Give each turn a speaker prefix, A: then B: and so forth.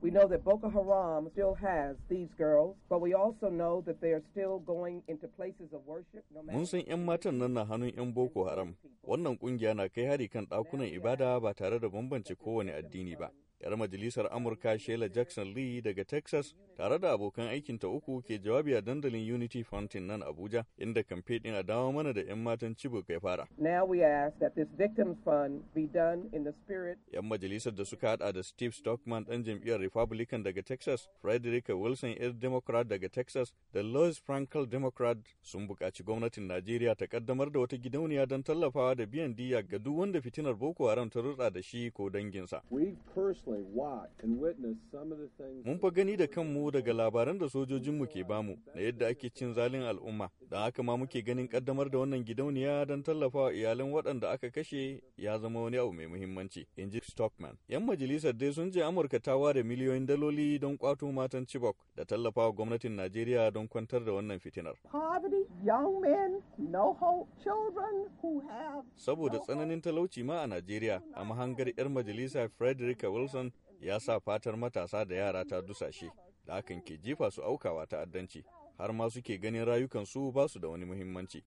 A: We know that Boko Haram still has these girls, but we also know that they are still going into places of worship. Mun
B: san 'yan matan nan na hannun 'yan Boko Haram. Wannan kungiya na kai hari kan ɗakunan ibada ba tare da bambance kowane addini ba. 'yar majalisar Amurka Sheila Jackson Lee daga Texas tare da abokan aikinta uku ke jawabi a dandalin Unity Fountain nan Abuja inda kamfe din a dawo mana da 'yan matan Chibok ya fara.
A: Now we ask victims fund be done in spirit.
B: 'Yan majalisar da suka hada da Steve Stockman dan jam'iyyar Republican daga Texas, Frederica Wilson 'yar Democrat daga Texas da Lois Frankel Democrat sun bukaci gwamnatin Najeriya ta kaddamar da wata gidauniya don tallafawa da biyan diya ga duk wanda fitinar Boko Haram ta rutsa da shi ko danginsa.
A: We've cursed Mun
B: fa gani da kanmu daga labaran da sojojinmu ke bamu na yadda ake cin zalin al'umma, don haka ma muke ganin kaddamar da wannan gidauniya don tallafawa iyalan waɗanda aka kashe ya zama wani abu mai muhimmanci, in ji Stockman. 'Yan majalisar dai sun je Amurka ta ware miliyoyin daloli don kwato matan Chibok da tallafawa gwamnatin Najeriya don kwantar da wannan fitinar. Saboda tsananin talauci ma a Najeriya, a mahangar 'yar majalisa Frederica Wilson Johnson ya sa fatar matasa da yara ta dusashe da hakan ke jifa su aukawa ta'addanci har ma suke ganin rayukansu ba su da wani muhimmanci.